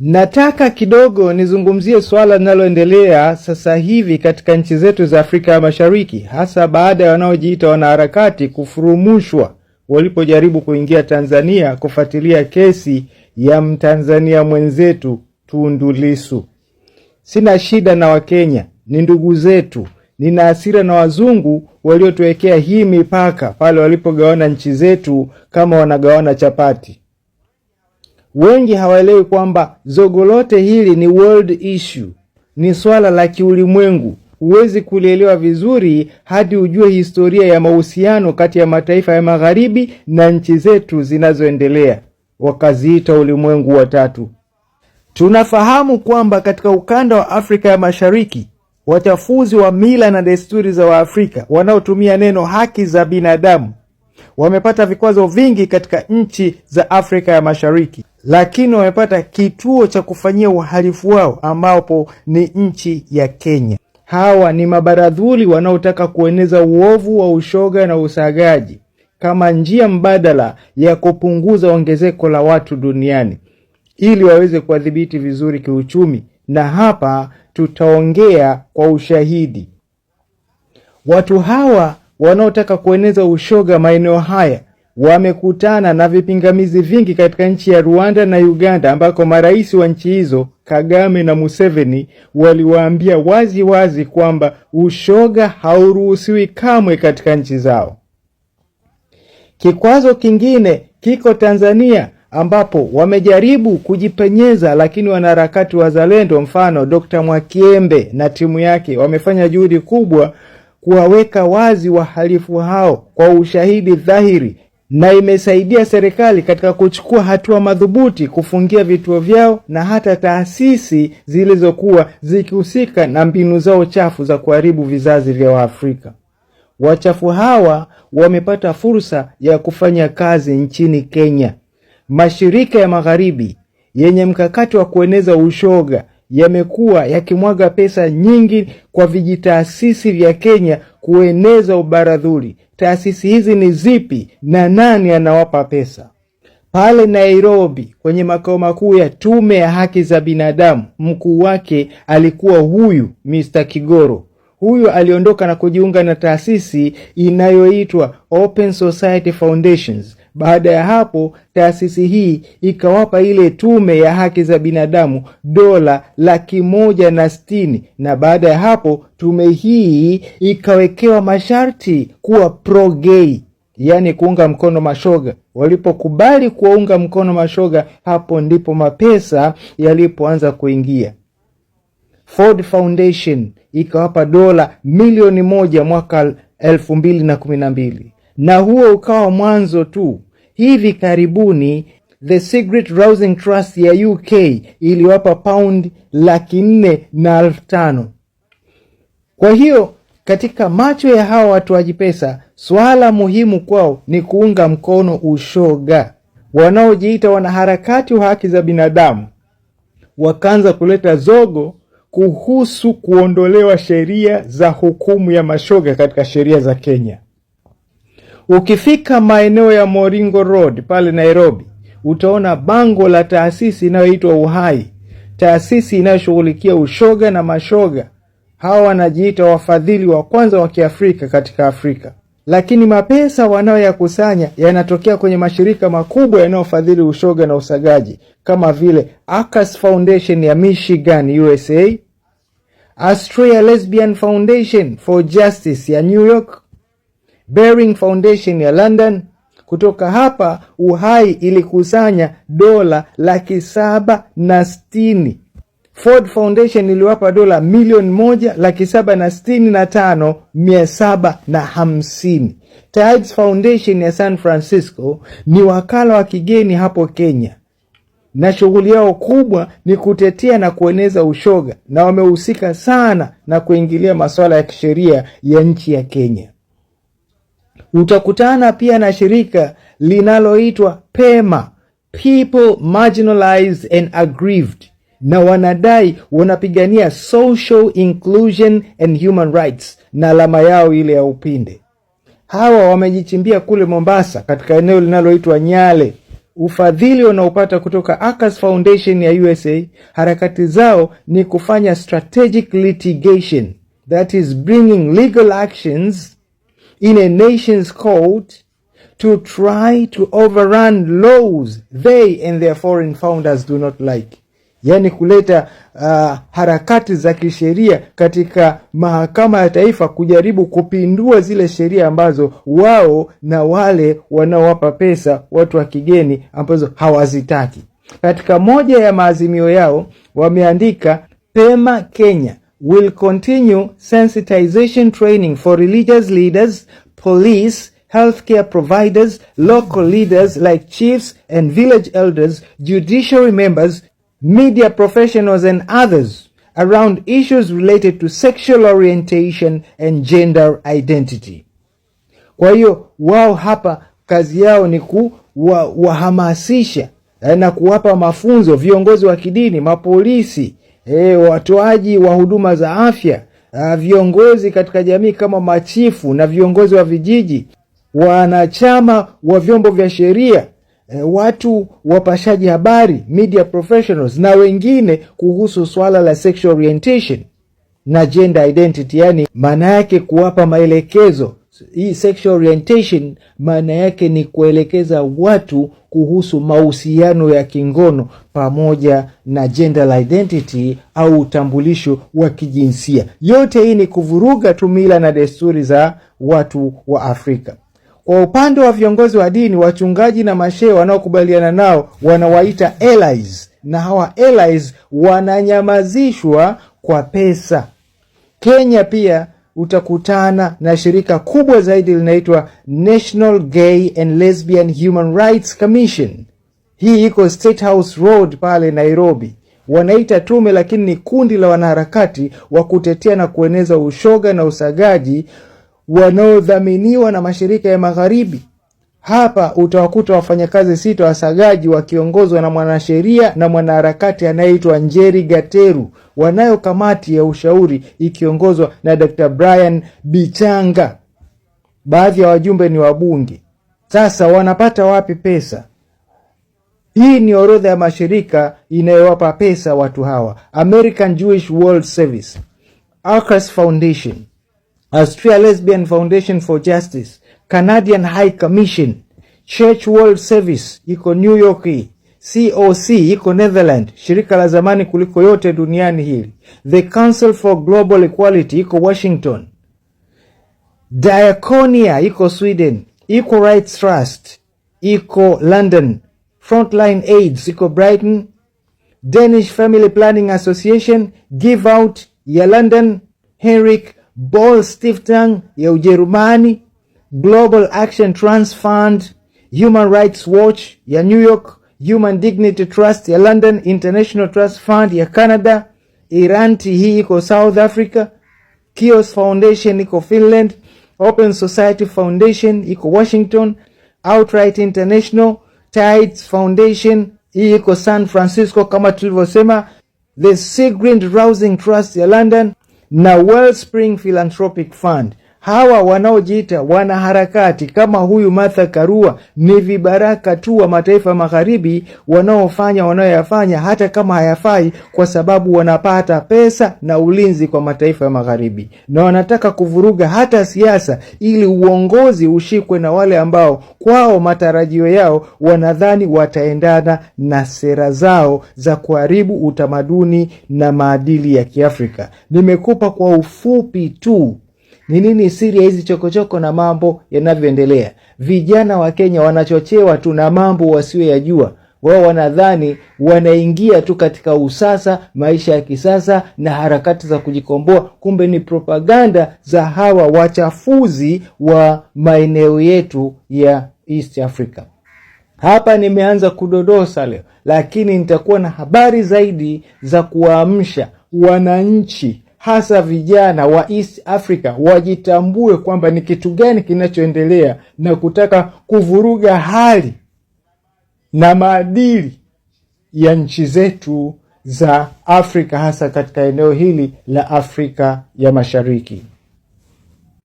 Nataka kidogo nizungumzie suala linaloendelea sasa hivi katika nchi zetu za Afrika ya Mashariki, hasa baada ya wanaojiita wanaharakati kufurumushwa walipojaribu kuingia Tanzania kufuatilia kesi ya Mtanzania mwenzetu Tundu Lissu. Sina shida na Wakenya, ni ndugu zetu. Nina hasira na wazungu waliotuwekea hii mipaka pale walipogawana nchi zetu kama wanagawana chapati. Wengi hawaelewi kwamba zogo lote hili ni world issue, ni swala la kiulimwengu. Huwezi kulielewa vizuri hadi ujue historia ya mahusiano kati ya mataifa ya magharibi na nchi zetu zinazoendelea, wakaziita ulimwengu wa tatu. Tunafahamu kwamba katika ukanda wa Afrika ya Mashariki, wachafuzi wa mila na desturi za Waafrika wanaotumia neno haki za binadamu wamepata vikwazo vingi katika nchi za Afrika ya Mashariki, lakini wamepata kituo cha kufanyia uhalifu wao ambapo ni nchi ya Kenya. Hawa ni mabaradhuli wanaotaka kueneza uovu wa ushoga na usagaji kama njia mbadala ya kupunguza ongezeko la watu duniani ili waweze kuwadhibiti vizuri kiuchumi, na hapa tutaongea kwa ushahidi. Watu hawa wanaotaka kueneza ushoga maeneo haya wamekutana na vipingamizi vingi katika nchi ya Rwanda na Uganda ambako marais wa nchi hizo Kagame na Museveni waliwaambia wazi wazi kwamba ushoga hauruhusiwi kamwe katika nchi zao. Kikwazo kingine kiko Tanzania ambapo wamejaribu kujipenyeza, lakini wanaharakati wazalendo, mfano Dr. Mwakiembe na timu yake, wamefanya juhudi kubwa kuwaweka wazi wahalifu hao kwa ushahidi dhahiri na imesaidia serikali katika kuchukua hatua madhubuti kufungia vituo vyao na hata taasisi zilizokuwa zikihusika na mbinu zao chafu za kuharibu vizazi vya Waafrika. Wachafu hawa wamepata fursa ya kufanya kazi nchini Kenya. Mashirika ya Magharibi yenye mkakati wa kueneza ushoga yamekuwa yakimwaga pesa nyingi kwa vijitaasisi vya Kenya kueneza ubaradhuli. Taasisi hizi ni zipi na nani anawapa pesa? Pale Nairobi kwenye makao makuu ya tume ya haki za binadamu, mkuu wake alikuwa huyu Mr. Kigoro. Huyu aliondoka na kujiunga na taasisi inayoitwa Open Society Foundations baada ya hapo, taasisi hii ikawapa ile tume ya haki za binadamu dola laki moja na sitini na baada ya hapo tume hii ikawekewa masharti kuwa pro gay yaani kuunga mkono mashoga. Walipokubali kuwaunga mkono mashoga, hapo ndipo mapesa yalipoanza kuingia. Ford Foundation ikawapa dola milioni moja mwaka elfu mbili na kumi na mbili na huo ukawa mwanzo tu. Hivi karibuni The Secret Rousing Trust ya UK iliwapa pound laki nne na elfu tano. Kwa hiyo katika macho ya hawa watoaji pesa, swala muhimu kwao ni kuunga mkono ushoga. Wanaojiita wanaharakati wa haki za binadamu wakaanza kuleta zogo kuhusu kuondolewa sheria za hukumu ya mashoga katika sheria za Kenya. Ukifika maeneo ya Moringo Road pale Nairobi, utaona bango la taasisi inayoitwa Uhai, taasisi inayoshughulikia ushoga na mashoga. Hawa wanajiita wafadhili wa kwanza wa Kiafrika katika Afrika, lakini mapesa wanayoyakusanya yanatokea kwenye mashirika makubwa yanayofadhili ushoga na usagaji kama vile Acas Foundation ya Michigan, USA, Australia Lesbian Foundation for Justice ya New York bering Foundation ya London. Kutoka hapa Uhai ilikusanya dola laki saba na sitini. Ford Foundation iliwapa dola milioni moja laki saba na sitini na tano mia saba na hamsini. Tides Foundation ya San Francisco ni wakala wa kigeni hapo Kenya, na shughuli yao kubwa ni kutetea na kueneza ushoga, na wamehusika sana na kuingilia masuala ya kisheria ya nchi ya Kenya utakutana pia na shirika linaloitwa Pema, People Marginalized and Aggrieved, na wanadai wanapigania social inclusion and human rights na alama yao ile ya upinde. Hawa wamejichimbia kule Mombasa, katika eneo linaloitwa Nyale. Ufadhili wanaopata kutoka Akas Foundation ya USA, harakati zao ni kufanya strategic litigation, that is bringing legal actions in a nation's court to try to overrun laws they and their foreign founders do not like, yaani kuleta uh, harakati za kisheria katika mahakama ya taifa kujaribu kupindua zile sheria ambazo wao na wale wanaowapa pesa watu wa kigeni ambazo hawazitaki. Katika moja ya maazimio yao wameandika Pema Kenya will continue sensitization training for religious leaders, police, healthcare providers, local leaders like chiefs and village elders, judiciary members, media professionals, and others around issues related to sexual orientation and gender identity. Kwa hiyo wao hapa kazi yao ni kuwahamasisha wa, na kuwapa mafunzo viongozi wa kidini, mapolisi e, watoaji wa huduma za afya, e, viongozi katika jamii kama machifu na viongozi wa vijiji, wanachama wa vyombo vya sheria e, watu wapashaji habari, media professionals na wengine, kuhusu swala la sexual orientation na gender identity, yani maana yake kuwapa maelekezo hii sexual orientation maana yake ni kuelekeza watu kuhusu mahusiano ya kingono pamoja na gender identity au utambulisho wa kijinsia. Yote hii ni kuvuruga tu mila na desturi za watu wa Afrika. Kwa upande wa viongozi wa dini, wachungaji na mashehe wanaokubaliana nao wanawaita allies, na hawa allies wananyamazishwa kwa pesa. Kenya pia utakutana na shirika kubwa zaidi linaitwa National Gay and Lesbian Human Rights Commission. Hii iko State House Road pale Nairobi. Wanaita tume, lakini ni kundi la wanaharakati wa kutetea na kueneza ushoga na usagaji wanaodhaminiwa na mashirika ya magharibi. Hapa utawakuta wafanyakazi sita wasagaji wakiongozwa na mwanasheria na mwanaharakati anayeitwa Njeri Gateru, wanayo kamati ya ushauri ikiongozwa na Dr. Brian Bichanga. Baadhi ya wajumbe ni wabunge. Sasa wanapata wapi pesa? Hii ni orodha ya mashirika inayowapa pesa watu hawa: American Jewish World Service, Arcus Foundation, Austria Lesbian Foundation for Justice Canadian High Commission, Church World Service iko New York hii, COC iko Netherland, shirika la zamani kuliko yote duniani hili, The Council for Global Equality iko Washington, Diaconia iko Sweden, Equal Rights Trust iko London, Frontline AIDS iko Brighton, Danish Family Planning Association, Give Out ya London, Henrik ball Stiftung ya Ujerumani Global Action Trans Fund, Human Rights Watch ya New York, Human Dignity Trust ya London, International Trust Fund ya Canada, Iranti hii e iko South Africa, Kios Foundation iko Finland, Open Society Foundation iko Washington, Outright International, Tides Foundation hii e iko San Francisco kama tulivyosema, the Green Rousing Trust ya London na Wellspring Philanthropic Fund hawa wanaojiita wanaharakati kama huyu Martha Karua ni vibaraka tu wa mataifa magharibi wanaofanya wanayoyafanya hata kama hayafai, kwa sababu wanapata pesa na ulinzi kwa mataifa ya magharibi, na wanataka kuvuruga hata siasa ili uongozi ushikwe na wale ambao kwao matarajio yao wanadhani wataendana na sera zao za kuharibu utamaduni na maadili ya Kiafrika. Nimekupa kwa ufupi tu ni nini siri ya hizi chokochoko na mambo yanavyoendelea? Vijana wa Kenya wanachochewa tu na mambo wasiyoyajua. Wao wanadhani wanaingia tu katika usasa, maisha ya kisasa na harakati za kujikomboa, kumbe ni propaganda za hawa wachafuzi wa maeneo yetu ya East Africa. Hapa nimeanza kudodosa leo, lakini nitakuwa na habari zaidi za kuwaamsha wananchi hasa vijana wa East Africa wajitambue kwamba ni kitu gani kinachoendelea na kutaka kuvuruga hali na maadili ya nchi zetu za Afrika hasa katika eneo hili la Afrika ya Mashariki.